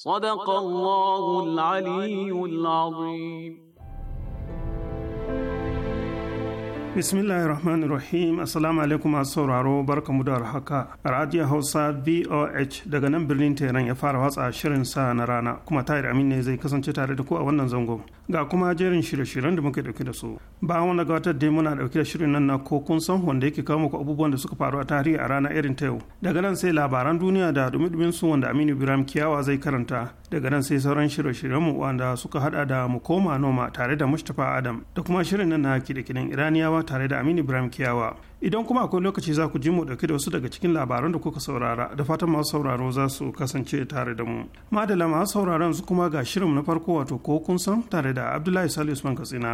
صدق الله العلي العظيم bismillahi rahmanir rahim assalamu alaikum masu sauraro Barka, da haka radio hausa voh daga nan birnin tehran ya fara watsa shirin sa na rana kuma Tahir amin ne zai kasance tare da ku a wannan zangon ga kuma jerin shirye-shiryen da muke dauke da su bayan wani gabatar da muna dauke da shirin nan na ko kun san wanda yake kawo muku abubuwan da suka faru a tarihi a rana irin ta yau daga nan sai labaran duniya da dumi-dumin su wanda aminu ibrahim kiyawa zai karanta daga nan sai sauran shirye-shiryen mu wanda suka hada da mu koma noma tare da mustapha adam da kuma shirin nan na kide kidan iraniyawa tare da aminu ibrahim kiyawa idan kuma akwai lokaci za ku ji mu dauke da wasu daga cikin labaran da kuka saurara da fatan masu sauraro za su kasance tare da mu madala masu sauraron su kuma ga shirin na farko wato ko kun san tare da abdullahi sali usman katsina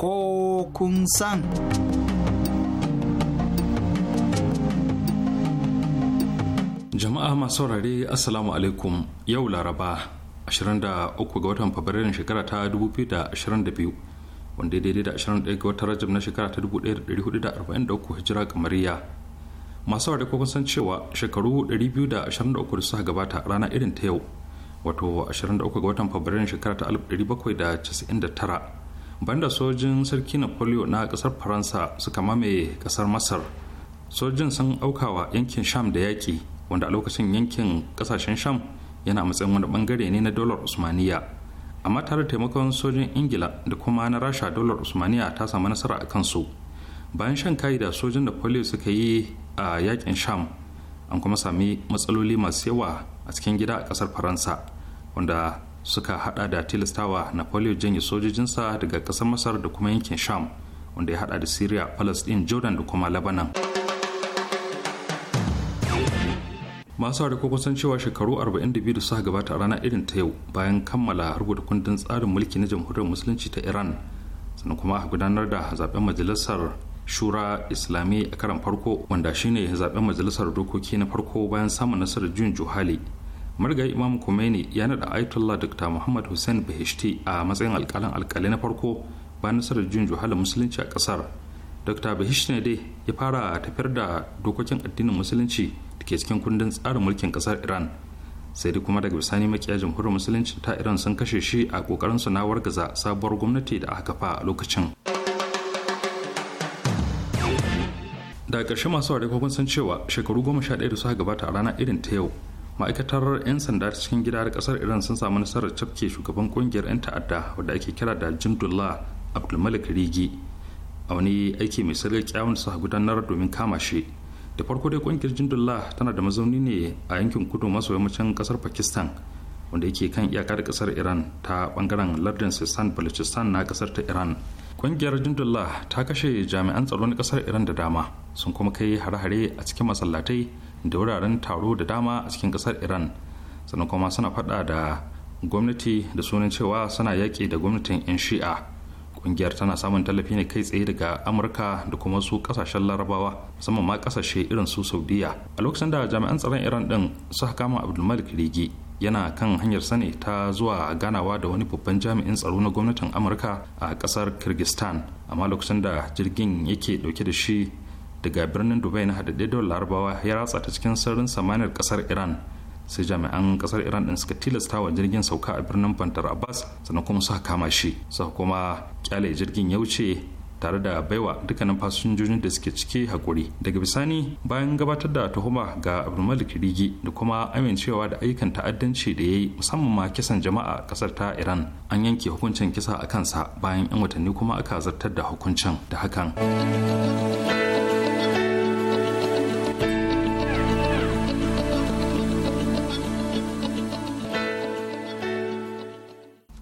ko kun san jama'a masu saurare assalamu alaikum yau laraba 23 ga watan fabrairun shekara ta 2022 wanda daidai da 21 ga watan rajab na shekara ta 1443 hijira kamariya masu ware kun san cewa shekaru 223 da suka gabata rana irin ta yau wato 23 ga watan fabrairun shekara ta 1799 banda sojin sarki napoleon na kasar faransa suka mamaye kasar masar sojin sun aukawa yankin sham da yaƙi wanda a lokacin yankin kasashen sham yana matsayin wani bangare ne na dolar usmaniya amma tare da taimakon sojin ingila da kuma na rasha dolar usmaniya ta samu nasara a kansu bayan shan kayi da sojin napoleon suka yi a yakin sham an kuma sami matsaloli masu yawa a cikin gida a kasar faransa wanda suka hada da tilastawa napoleon janye sojojinsa daga kasar masar da kuma yankin sham wanda ya hada da syria palestine jordan da kuma labanan. masu da kusan cewa shekaru 42 da suka gabata a rana irin ta yau bayan kammala rubuta kundin tsarin mulki na jamhuriyar musulunci ta iran sannan kuma a gudanar da zaben majalisar shura islami a karan farko wanda shine zaben majalisar dokoki na farko bayan samun nasarar jun juhali marga imam khomeini ya nada ayatollah dr muhammad hussein bahishti a matsayin alkalin alkali na farko bayan nasarar jun juhali musulunci a kasar dr bahishti dai ya fara tafiyar da dokokin addinin musulunci da ke cikin kundin tsarin mulkin kasar iran sai dai kuma daga bisani makiya jamhuriyar musulunci ta iran sun kashe shi a kokarin sanawar gaza sabuwar gwamnati da aka kafa a lokacin daga ƙarshe masu ware kogon san cewa shekaru goma sha ɗaya da suka gabata a rana irin ta yau ma'aikatar 'yan sanda cikin gida da ƙasar iran sun samu nasarar cafke shugaban ƙungiyar 'yan ta'adda wadda ake kira da jimdullah abdulmalik rigi a wani aiki mai sarƙa kyawun su gudanar domin kama shi da farko dai ƙungiyar jimdullah tana da mazauni ne a yankin kudu maso yammacin ƙasar pakistan wanda yake kan iyaka da ƙasar iran ta bangaren lardin sistan balochistan na ƙasar ta iran ƙungiyar jundullah ta kashe jami'an tsaro na kasar iran da dama sun kuma kai hare-hare a cikin masallatai da wuraren taro da dama a cikin ƙasar iran sannan kuma suna faɗa da gwamnati da sunan cewa suna yaƙi da gwamnatin 'yan shi'a ƙungiyar tana samun tallafi ne kai tsaye daga amurka da kuma su kasashen larabawa musamman ma kasashe irin su saudiya a lokacin da jami'an tsaron iran din suka kama abdulmalik rigi yana kan hanyar sani ta zuwa ganawa da wani babban jami'in tsaro na gwamnatin amurka a kasar kirgistan amma lokacin da jirgin yake dauke da shi daga birnin dubai na hadaddai da larabawa ya ratsa ta cikin sararin samaniyar kasar iran sai jami'an kasar iran din suka tilasta wa jirgin sauka a birnin bandar abbas sannan kuma suka kama shi suka kuma kyale jirgin ya wuce tare da baiwa dukkanin fasinjojin da suke ciki hakuri daga bisani bayan gabatar da tuhuma ga abdulmalik rigi da kuma amincewa da ayyukan ta'addanci da ya yi musamman ma kisan jama'a kasar ta iran an yanke hukuncin kisa a kansa bayan 'yan watanni kuma aka zartar da hukuncin da hakan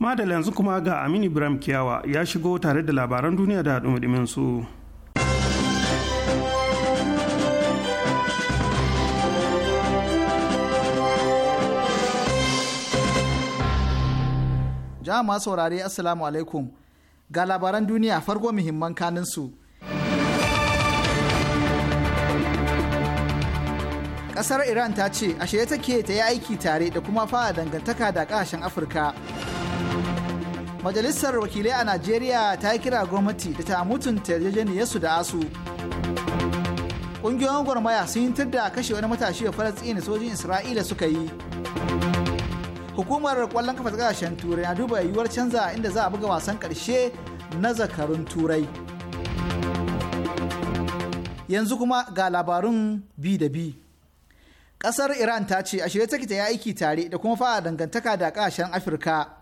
madala yanzu kuma ga aminu ibrahim kiyawa ya shigo tare da labaran duniya da dumudumin su jama'a saurare assalamu alaikum ga labaran duniya farko muhimman kanin su kasar iran ta ce a shirye take ta yi aiki tare da kuma fara dangantaka da kasashen afirka majalisar wakilai a najeriya ta yi kira gwamnati da ta mutunta su da asu ƙungiyoyin gwarmaya sun yi da kashe wani matashi da da sojin isra'ila suka yi hukumar ƙwallon kafa ƙasashen turai na duba yiwuwar canza inda za a buga wasan ƙarshe na zakarun turai yanzu kuma ga labarun bi da bi ƙasar iran ta ce a shirye take ta yi aiki tare da kuma fara dangantaka da ƙasashen afirka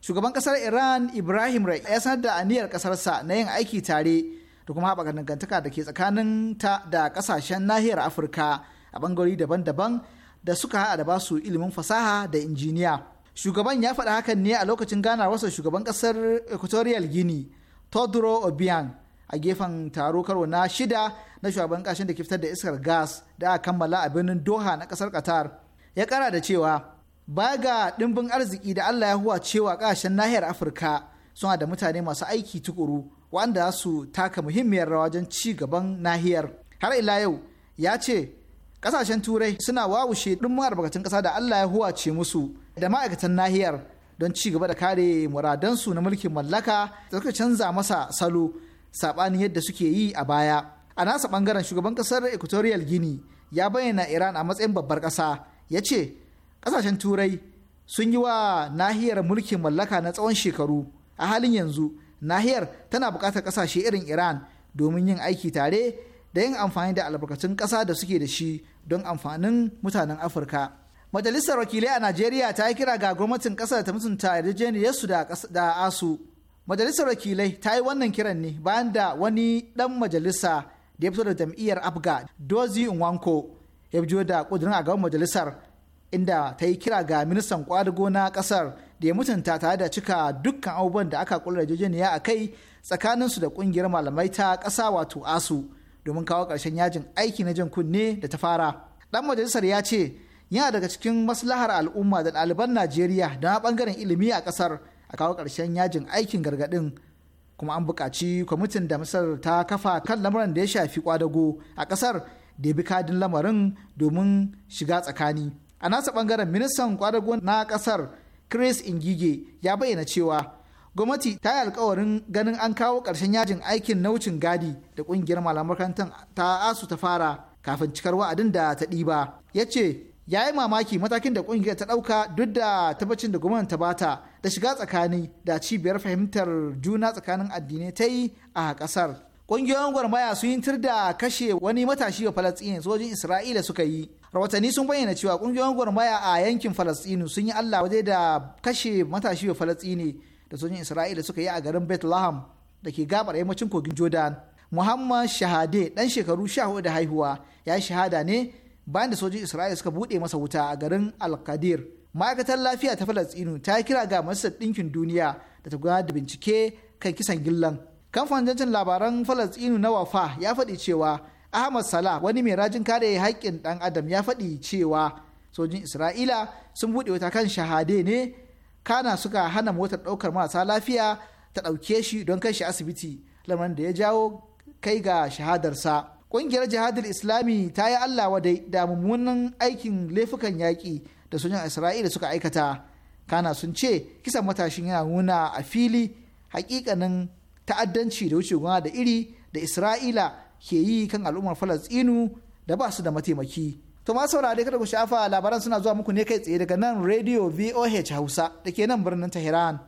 shugaban kasar iran ibrahim rai ya sanar da aniyar kasarsa na yin aiki tare da kuma haɓaka dangantaka da ke tsakanin ta da kasashen nahiyar afirka a bangarori daban-daban da suka haɗa da basu ilimin fasaha da injiniya shugaban ya faɗi hakan ne a lokacin ganawarsa shugaban kasar equatorial guinea todoro obiang a gefen taro karo na shida na shugaban kashin da ke fitar da iskar gas da aka kammala a birnin doha na kasar qatar ya kara da cewa ba ga ɗimbin arziki da Allah ya huwa cewa ƙasashen nahiyar Afirka suna da mutane masu aiki tukuru wanda su taka muhimmiyar rawa wajen ci gaban nahiyar. Har ila yau ya ce ƙasashen turai suna wawushe ɗimbin albarkatun ƙasa da Allah ya huwa ce musu da ma'aikatan nahiyar don ci gaba da kare muradansu na mulkin mallaka da suka canza masa salo saɓanin yadda suke yi a baya. A nasa ɓangaren shugaban ƙasar Equatorial Guinea ya bayyana Iran a matsayin babbar ƙasa ya ce ƙasashen turai sun yi wa nahiyar mulkin mallaka na tsawon shekaru a halin yanzu nahiyar tana buƙatar ƙasashe irin iran domin yin aiki tare da yin amfani da albarkacin ƙasa da suke da shi don amfanin mutanen afirka majalisar wakilai a najeriya ta yi kira ga gwamnatin ƙasa ta mutunta yarjejeniyarsu da asu majalisar wakilai ta yi wannan kiran ne bayan da wani ɗan majalisa da ya fito da jam'iyyar afga dozi nwanko ya fito da ƙudurin a gaban majalisar inda ta yi kira ga ministan kwadago na kasar da ya mutunta tare da cika dukkan abubuwan da aka kula ya a kai tsakaninsu da kungiyar malamai ta ƙasa wato asu domin kawo karshen yajin aiki na jin kunne da ta fara dan majalisar ya ce yana daga cikin maslahar al'umma da ɗaliban najeriya da bangaren ilimi a ƙasar a kawo karshen yajin aikin gargadin, kuma an buƙaci kwamitin da misar ta kafa kan lamarin da ya shafi kwadago a ƙasar da bi kadin lamarin domin shiga tsakani a nasa bangaren ministan kwadago na kasar chris ingige ya bayyana cewa gwamnati ta yi alkawarin ganin an kawo karshen yajin aikin naucin gadi da kungiyar malaman ta asu ta fara kafin cikar wa'adin da ta ɗiba ya ce ya yi mamaki matakin da kungiyar ta ɗauka duk da tabbacin da gwamnati ta bata da shiga tsakani da cibiyar fahimtar juna tsakanin addinai ta yi a ƙasar ƙungiyoyin gwarmaya sun yi da kashe wani matashi wa sojin isra'ila suka yi rahotanni sun bayyana cewa ƙungiyoyin gwarmaya a yankin falastinu sun yi allah waje da kashe matashi wa falastini da sojin isra'ila suka yi a garin bethlehem da ke gabar yammacin kogin jordan muhammad shahade dan shekaru sha da haihuwa ya yi shahada ne bayan da sojin isra'ila suka buɗe masa wuta a garin al-Qadir. ma'aikatar lafiya ta falastinu ta kira ga masu ɗinkin duniya da ta gudanar da bincike kan kisan gillan kamfanin jancin labaran falastinu na wafa ya faɗi cewa ahmad salah wani mai rajin kare haƙƙin ɗan adam ya faɗi cewa sojin isra'ila sun buɗe wata kan shahade ne kana suka hana motar ɗaukar marasa lafiya ta ɗauke shi don kai shi asibiti lamarin da ya jawo kai ga shahadarsa ƙungiyar jihadar islami ta yi allah wadai da mummunan aikin laifukan yaƙi da sojin isra'ila suka aikata kana sun ce kisan matashin yana nuna a fili hakikanin ta'addanci da wuce gona da iri da isra'ila ke yi kan al'ummar falastinu da ba su da mataimaki to ma saurare kada ku shafa labaran suna zuwa muku ne kai tsaye daga nan radio voh hausa da ke nan birnin tehran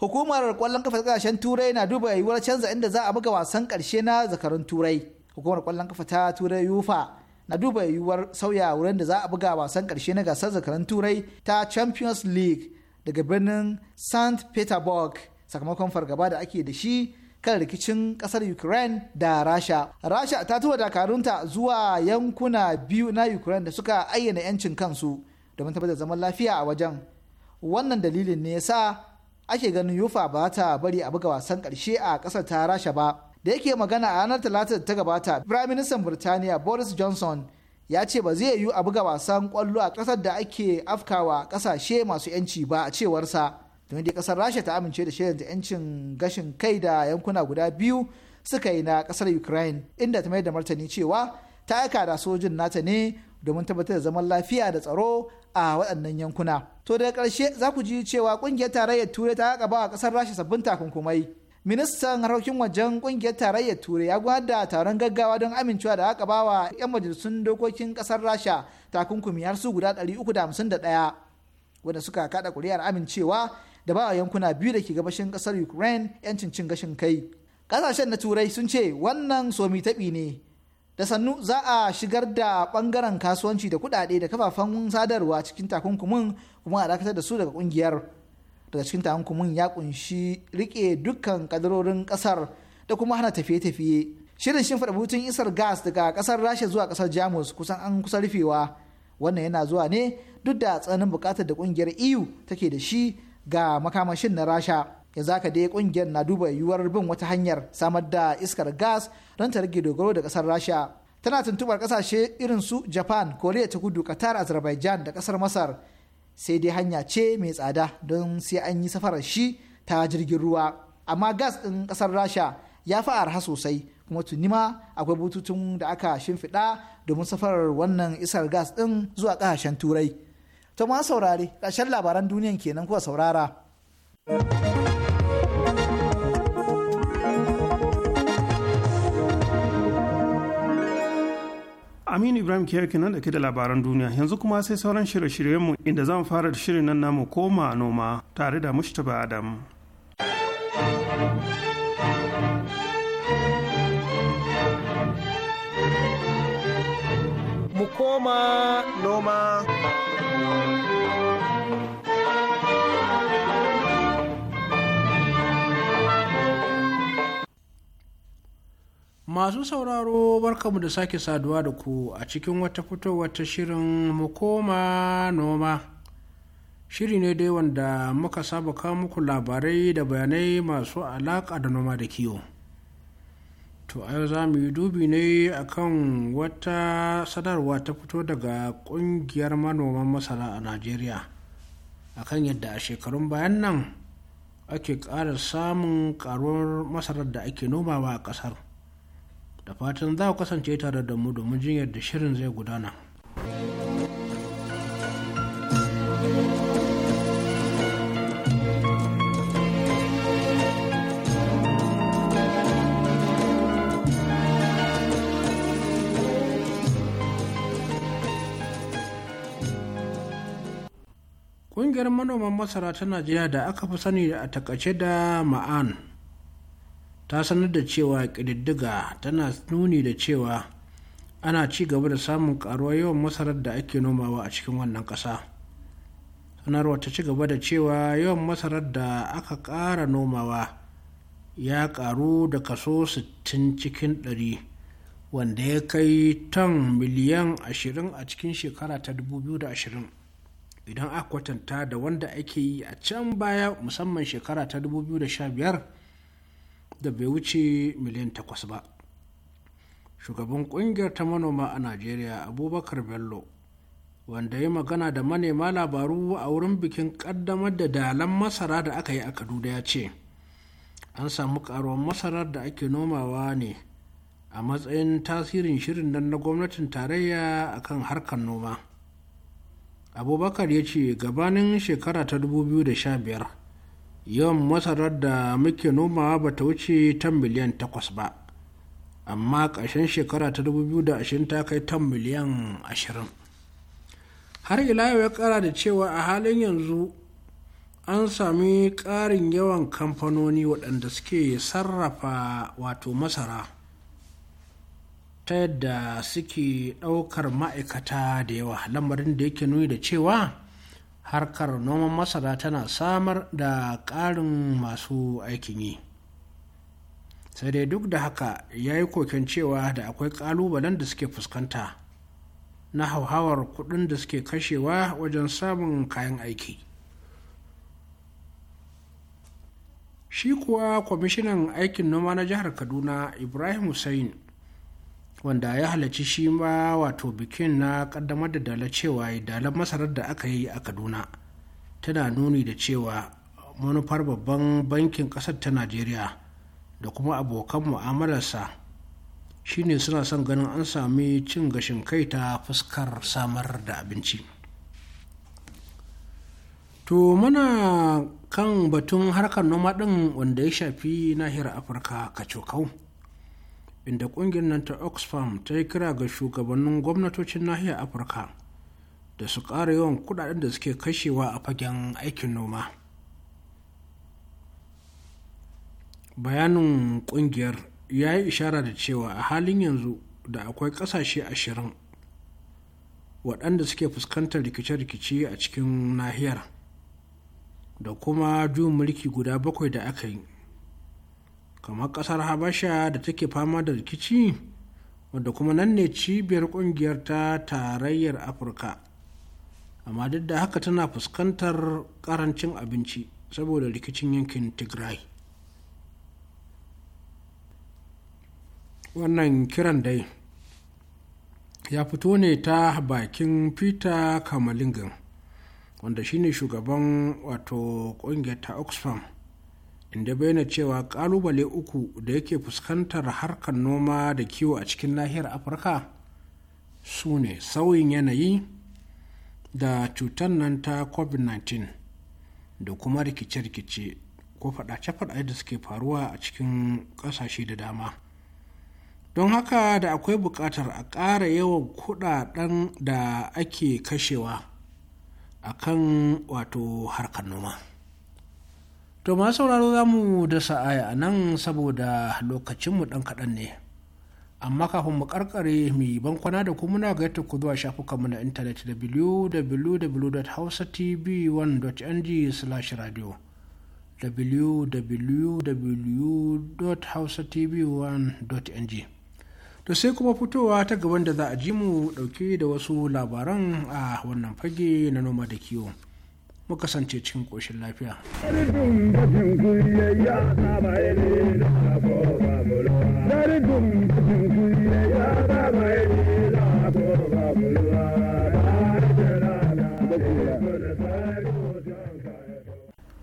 hukumar kwallon kafa ta kasashen turai na duba yiwuwar canza inda za a buga wasan karshe na zakarun turai hukumar kwallon kafa ta turai yufa na duba yiwuwar sauya wurin da za a buga wasan karshe na gasar zakarun turai ta champions league daga birnin st petersburg sakamakon fargaba da ake da shi kan rikicin kasar ukraine da rasha rasha ta tura dakarunta zuwa yankuna biyu na ukraine da suka ayyana 'yancin kansu domin tabbatar zaman lafiya a wajen wannan dalilin ne yasa ake ganin yufa ba ta bari a buga wasan karshe a kasar ta rasha ba da yake magana a ranar talata da ta gabata firaministan birtaniya boris johnson ya ce ba zai yiwu a buga wasan kwallo a kasar da ake afkawa kasashe masu 'yanci ba a cewarsa domin dai kasar rasha ta amince da shirin da yancin gashin kai da yankuna guda biyu suka yi na kasar ukraine inda ta mai da martani cewa ta aika da sojin nata ne domin tabbatar da zaman lafiya da tsaro a waɗannan yankuna to daga ƙarshe za ku ji cewa ƙungiyar tarayyar turai ta gaba a ƙasar rasha sabbin takunkumai ministan harkokin wajen ƙungiyar tarayyar turai ya gwada taron gaggawa don amincewa da aka bawa 'yan majalisun dokokin kasar rasha takunkumi har su guda 351 wanda suka kada kuri'ar amincewa da ba a yankuna biyu da ke gabashin kasar ukraine yancin cin gashin kai kasashen na turai sun ce wannan somi taɓi ne da sannu za a shigar da ɓangaren kasuwanci da kuɗaɗe da kafafen sadarwa cikin takunkumin kuma a dakatar da su daga ƙungiyar daga cikin takunkumin ya kunshi rike dukkan kadarorin kasar da kuma hana tafiye-tafiye shirin shimfiɗa butun isar gas daga kasar rasha zuwa kasar jamus kusan an kusa rufewa wannan yana zuwa ne duk da tsananin bukatar da ƙungiyar eu take da shi ga makamashin na rasha ya zaka dai kungiyar na duba yiwuwar bin wata hanyar samar da iskar gas don ta rage dogaro da kasar rasha tana tuntubar kasashe irin su japan koriya ta kudu qatar azerbaijan da kasar masar sai dai hanya ce mai tsada don sai an yi safarar shi ta jirgin ruwa amma gas ɗin kasar rasha ya fi arha sosai kuma tunima akwai bututun da aka shimfiɗa domin safarar wannan isar gas ɗin zuwa ƙasashen turai To ma saurare ƙarshen labaran duniyan kenan kuwa saurara. Aminu Ibrahim Kiyar nan da ke da labaran duniya yanzu kuma sai sauran shirye-shiryenmu inda zan fara da shirin nan namu koma noma tare da Mustapha Adam. Mu koma noma. Masu sauraro barkamu da sake saduwa da ku a cikin wata fitowar ta shirin koma noma. Shiri ne dai wanda muka saba kawo muku labarai da bayanai masu alaƙa da noma da kiwo. To a yau za mu yi dubi ne akan wata sanarwa ta fito daga ƙungiyar manoman masara a Najeriya. Akan yadda a shekarun bayan nan ake ƙara samun ƙaruwar masarar da ake nomawa a ƙasar. da fatan za ku kasance tare da mu domin jin yadda shirin zai gudana. Ƙungiyar manoman masara ta Najeriya da aka fi sani a takace da ma'an ta sanar da cewa ƙididdiga tana nuni da cewa ana ci gaba da samun ƙaruwar yawan masarar da ake nomawa a cikin wannan ƙasa sanarwar ta ci gaba da cewa yawan masarar da aka ƙara nomawa ya ƙaru da kaso 60 cikin 100 wanda ya kai ton miliyan 20 a cikin shekara ta 2020 idan aka kwatanta da wanda ake yi a can baya musamman shekara ta 2015 da bai wuce miliyan takwas ba shugaban kungiyar ta manoma a najeriya abubakar bello wanda ya magana da manema labaru a wurin bikin kaddamar da dalan masara da aka yi a kaduna ya ce an samu karuwar masarar da ake nomawa ne a matsayin tasirin shirin nan na gwamnatin tarayya a kan harkar noma abubakar ya ce gabanin shekara ta 2015 yawan masarar da muke nomawa ba ta wuce tan miliyan takwas ba amma ƙarshen shekara ta dubu biyu da 2020 ta kai ta miliyan ashirin har ila ya kara da cewa a halin yanzu an sami ƙarin yawan kamfanoni waɗanda suke sarrafa wato masara ta yadda suke ɗaukar ma'aikata da yawa lamarin da yake nuni da cewa harkar noman masara tana samar da ƙarin masu aikin yi sai dai duk da haka ya yi koken cewa da akwai ƙalubalen da suke fuskanta na hauhawar kuɗin da suke kashewa wajen samun kayan aiki shi kuwa kwamishinan aikin noma na jihar kaduna ibrahim hussein wanda ya halarci shi ma wato bikin na kaddamar da dala cewa dalar masarar da aka yi a kaduna tana nuni da cewa manufar babban bankin kasar ta najeriya da kuma abokan mu'amalarsa shine suna son ganin an sami cin gashin kai ta fuskar samar da abinci to muna kan batun harkar noma ɗin wanda ya shafi nahiyar afirka kacokau inda ƙungiyar nan ta oxfam ta yi kira ga shugabannin gwamnatocin nahiyar afirka da su ƙara yawan kudaden da suke kashewa a fagen aikin noma bayanin ƙungiyar ya yi ishara da cewa a halin yanzu da akwai ƙasashe ashirin waɗanda suke fuskantar rikice-rikice a cikin nahiyar da kuma juyin mulki guda bakwai da aka yi kamar kasar habasha da take fama da rikici wadda kuma nan ne cibiyar kungiyar ta tarayyar afirka amma duk da haka tana fuskantar karancin abinci saboda rikicin yankin tigray wannan kiran dai ya fito ne ta bakin peter kamalingan wanda shine shugaban wato kungiyar ta oxfam inda bayyana cewa kalubale uku da yake fuskantar harkar noma da kiwo a cikin nahiyar afirka su ne sauyin yanayi da cutar nan ta covid-19 da kuma rikice-rikice ko faɗace-faɗace da suke faruwa a cikin ƙasashe da dama don haka da akwai buƙatar a ƙara yawan kuɗaɗen da ake kashewa a kan wato harkar noma. to ma sauraro za mu da sa'aya a nan saboda lokacinmu ɗan kaɗan ne amma kafin mu karkare mu yi bankwana da kuma muna gaita ku zuwa shafukanmu na intanet www.hausatv1.ng/radio www.hausatv1.ng to sai kuma fitowa ta gaban da za a ji mu ɗauke da wasu labaran a wannan fage na noma da kiwo mu kasance cikin koshin lafiya.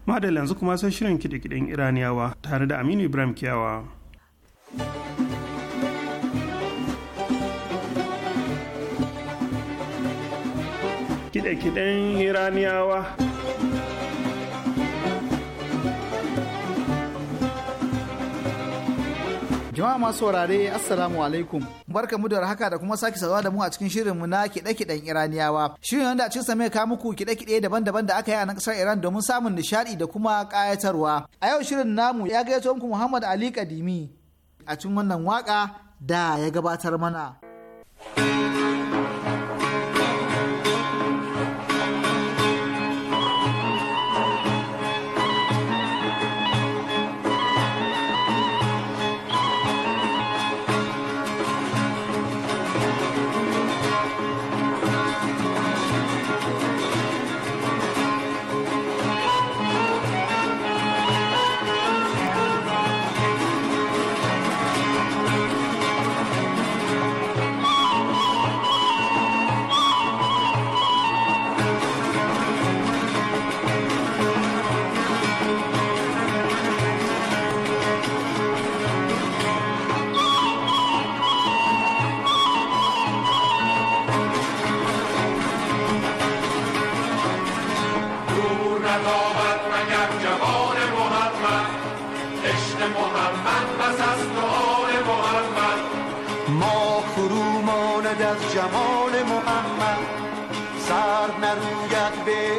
Madalla yanzu kuma sai shirin kiɗe-kiɗen Iraniyawa tare da Aminu Ibrahim Kiyawa. Kiɗe-kiɗen Iraniyawa. Jama'a masu wurare Assalamu alaikum. Barka mu da haka da kuma sake sazuwa da mu a cikin shirinmu na kiɗe-kiɗen Iraniyawa. Shirin wanda a cikin sa mai ka muku kiɗe-kiɗe daban-daban da aka yi a nan ƙasar Iran domin samun nishaɗi da kuma ƙayatarwa. A yau shirin namu ya gayyato muku Muhammad Ali Kadimi a cikin wannan waka da ya gabatar mana.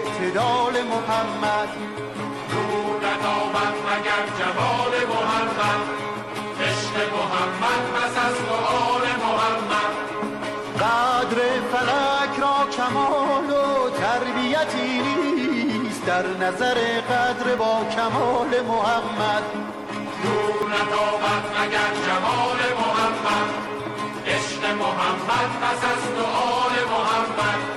اعتدال محمد نورت آمد مگر جمال محمد عشق محمد پس از دعال محمد قدر فلک را کمال و تربیتی نیست در نظر قدر با کمال محمد نورت آمد مگر جمال محمد عشق محمد پس از دعال محمد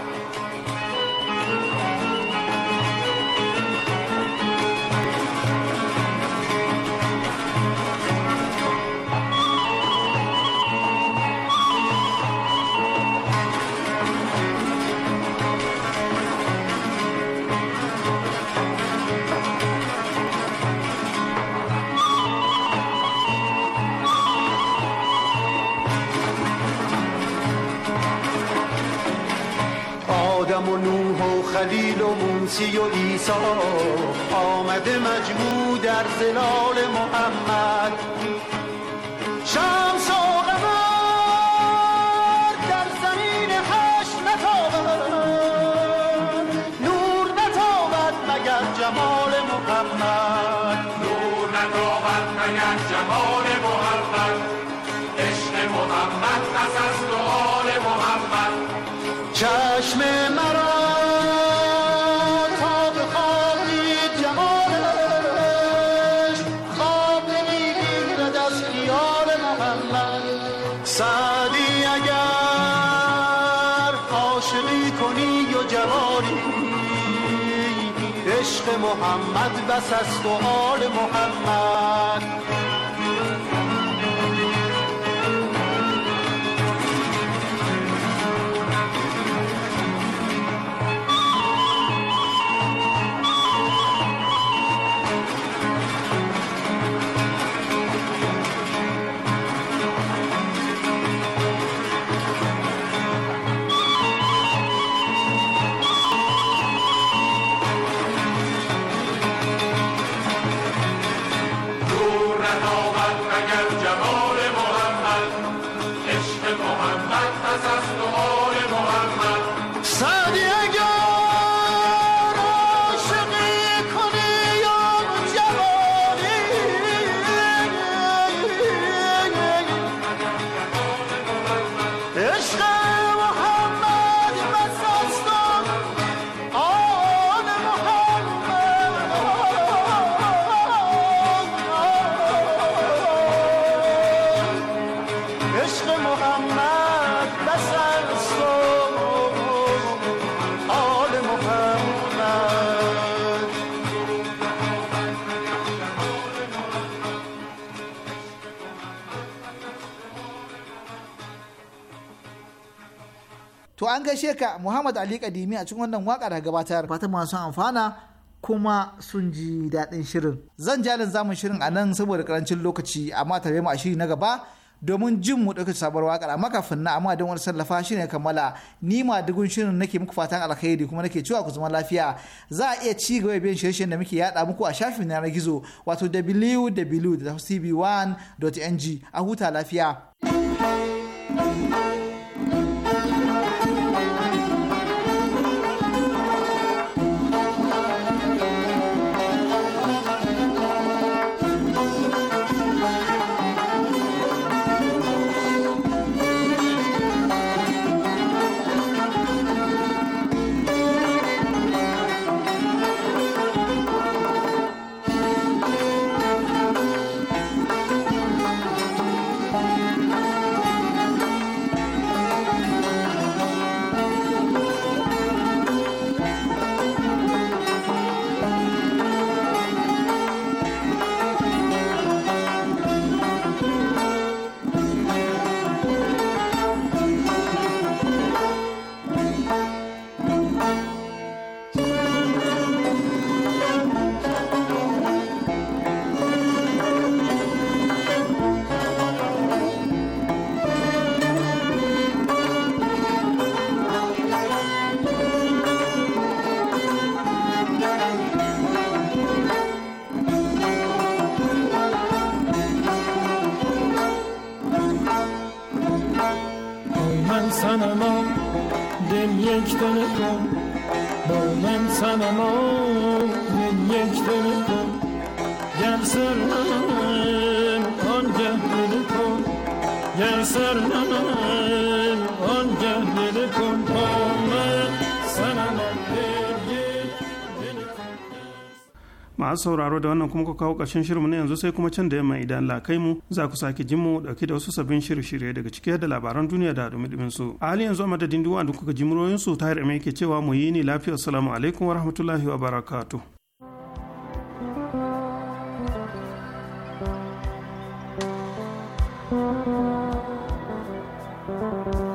آدم و نوح و خلیل و موسی و عیسی آمده مجموع در زلال محمد شمس مقدس است و آل محمد an gaishe ka Muhammad Ali Kadimi a cikin wannan waka da gabatar. Fatan masu amfana kuma sun ji daɗin shirin. Zan jalin zamun shirin a nan saboda karancin lokaci amma tare mu a shiri na gaba domin jin mu ɗauki sabuwar waka da maka na amma don wani sallafa shi ne kammala ni ma dugun shirin nake muku fatan alkhairi kuma nake cewa ku zama lafiya za a iya ci gaba bin shirye-shiryen da muke yada muku a shafin yanar gizo wato www.cb1.ng a huta lafiya. masu sauraro da wannan kuma ku kawo ƙarshen shirinmu na yanzu sai kuma can da yamma idan la mu za ku sake jin mu dauke da wasu sabbin shirye-shirye daga ciki da labaran duniya da dumi su a hali yanzu a madadin duwa da kuka ji muryoyin su tahir mai ke cewa mu yi ni lafiya assalamu alaikum wa rahmatullahi wa barakatuh Thank